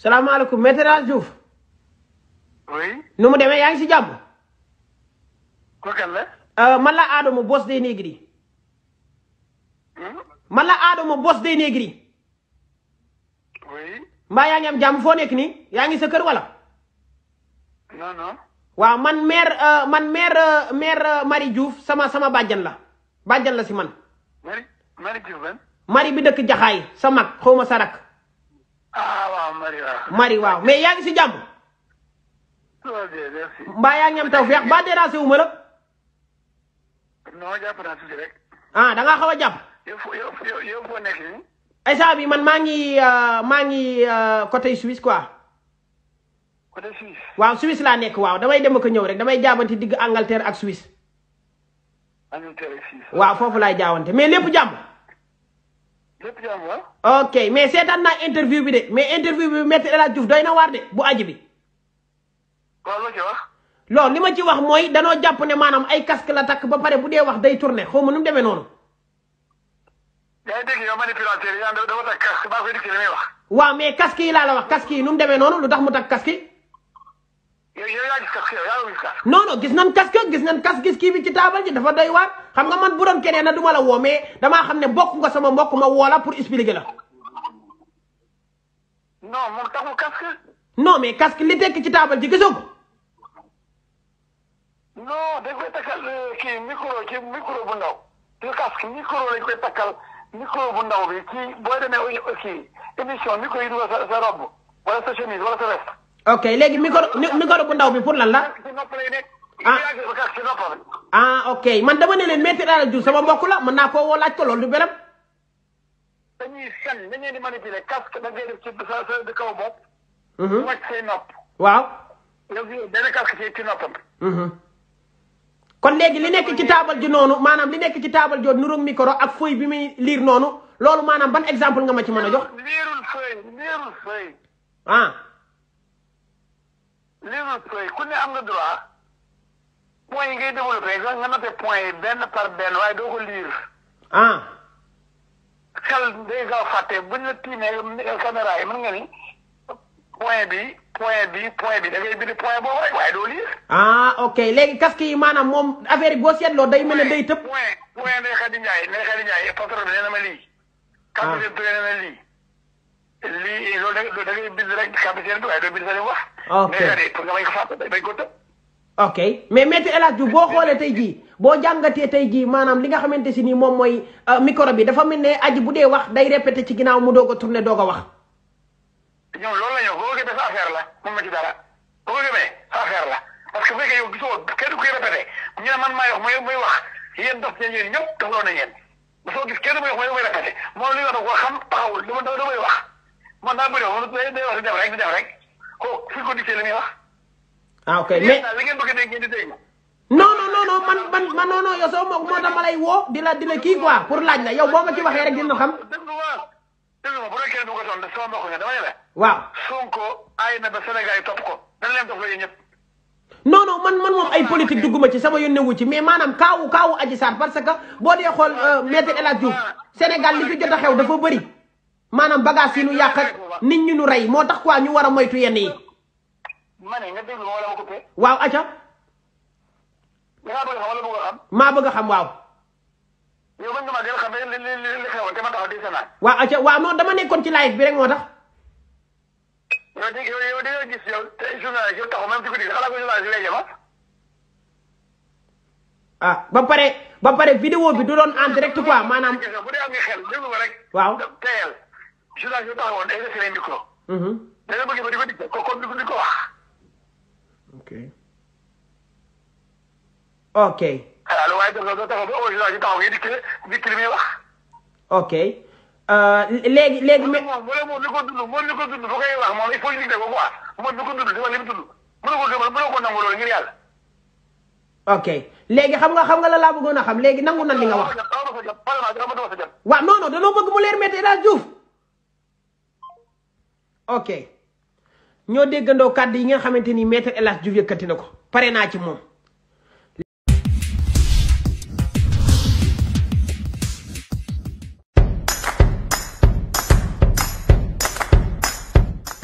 salaamaaleykum maître El Hadj Diouf. nu mu demee yaa ngi si jàmm. kooku la. Euh, man la Adama boss des négri. Hmm? man yaa ngi am jàmm foo nekk nii yaa ngi sa kër wala. non non. waaw man maire euh, man maire euh, sama sama bàjjan la bàjjan la si man. Marie bi dëkk Jaxaay sa xaw ma sa ah waaw Marie waaw. mais yaa ngi si jàmm. ok yaa ngi am taw feex ba déranger wu ma la. ah da ngaa xaw a jàpp. yow man maa ngi euh, maa ngi euh, côté Suisse quoi. côté Suisse. waaw Suisse laa nekk waaw damay dem ak ñëw rek damay jaabanti digg Angleterre ak Suisse. waaw foofu laay jaawante mais lépp jàmm. Ah. ok mais seetaan naa interview bi de mais interview bi Maître El Hadji Diouf doy na waar de bu aji bi. loolu li ma ci wax mooy danoo jàpp ne maanaam ay casque la takk ba pare bu dee wax day tourné xaw ma nu demee noonu. yaa ngi dégg yow manipulateur yi dafa takk casque ba koy dikk li wax. waaw mais casque laa la wax mu demee noonu lu tax mu takk casque non non gis nan casque gis nan casque kii bi ci taabal ji dafa doy waar xam nga man bu doon keneen na du ma la woo mais damaa xam ne bokk nga sama bokk ma woo la pour expliquer la. non moom taxul casque. non mais casque li tekk ci taabal ji gisoo ko. non dañ koy takkal euh, kii micro ci micro bu ndaw. du casque micro lañ koy takkal micro bu ndaw bi ci booy demee kii émission micro yi dugal sa sa wala sa chemise wala sa ok léegi micro micro bu ndaw bi pour lan la. ah ah ok man dama ne leen Maître El Hadji Diouf sama mbokk la mën naa koo woo laaj ko loolu du benam. dañuy sell dañ leen di manipuler da kaw bopp. Mhm. wàcc say nopp. waaw. yow benn casque mhm. kon léegi li nekk ci taabal ji noonu maanaam li nekk ci taabal jooju niroog micro ak feuille bi muy liir noonu loolu maanaam ban exemple nga ma ci mën a jox. liirul feuille ah. développé ku ne am nga droit point yi ngay développé nga noté point yi benn par benn waaye doo ko lire. ah. xel day gaaw fàtte buñ na tiimee caméra yi mën nga ni point bi point bi point bi da ngay bind point boobu rek waaye doo lire. ah ok léegi casque yi maanaam moom affaire yi boo seetloo day mel day tëb. point point Ndeye Khady Ndiaye Ndeye Khady Ndiaye patron bi nee na ma lii. ah casque bi nee na ma lii loolu da ngay da ngay bind rek xam seen waaye doo bind sa li wax. ok mais pour nga bañ ko fàtte bañ ko tëb. ok mais Maître El Hadji Diouf boo xoolee tey jii boo jàngatee tey jii maanaam li nga xamante si nii moom mooy euh, micro bi dafa mel ne aji bu dee wax day répété ci ginnaaw mu doog a tourné doog a wax. ñoom loolu la ñu wax boo ko gëmee sa affaire la moom ma ci dara boo ko gëmee sa affaire la parce que bu fekkee yow gisoo kenn kuy répété ñu ne man maay wax muy muy wax yéen dof ñeen yéen ñëpp dafa doon na yéen dafa gis kenn muy wax muy répété moom li nga wax ko xam taxawul dama damay wax. man naa bëri woon day wax di def rek di def rek kooku fi ko gisee li muy wax. ah ok a dégg man man man non non yow sama moo tax ma lay woo di la di la kii pour laaj la yow boo ma ci waxee rek dina xam. dégg nga waaw dégg nga bu dee ko tontu sama mbokk nga dama na ba Sénégal yi ko dana leen topp la yéen ñëpp. non non man man moom ay politique dugguma ci sama yónnewu ci mais maanaam kaawu kaawu Adji Sarr parce que boo dee xool euh, maître El Hadj Diouf Sénégal li fi jot a xew dafa bëri. maanaam bagage yi nu yàq ak nit ñi nu rey moo tax quoi ñu war a moytu yenn yi. ma nga déglu ma wala ma coupé. waaw acca. da ngaa maa bëgg xam waaw. man damaa gën a xam li li li xewoon te man taxaw di sanaa. waaw acca dama nekkoon ci live bi rek moo tax. yow di yow di nga ah? Ah, ba pare ba pare vidéo bi du doon en direct quoi maanaam. bu dee am nga xel déglu ko rek. waaw journaliste bi taxawoon day def seen micro. da nga bëgg ba di ko dikk ko comme ni ko wax. ok. ok. alors waaye doo doo taxaw taxaw ngay dikk wax. ok. léegi léegi. moom moom li ko dund moom li ko dund bu koy wax moom il faut ñu xam nga xam nga la laa bëggoon a xam léegi nangu nan li nga wax. waaw non non danoo bëgg ok ñoo déggandoo kàddu yi ngeen xamante ni maître El Hadj Diouf na ko pare naa ci moom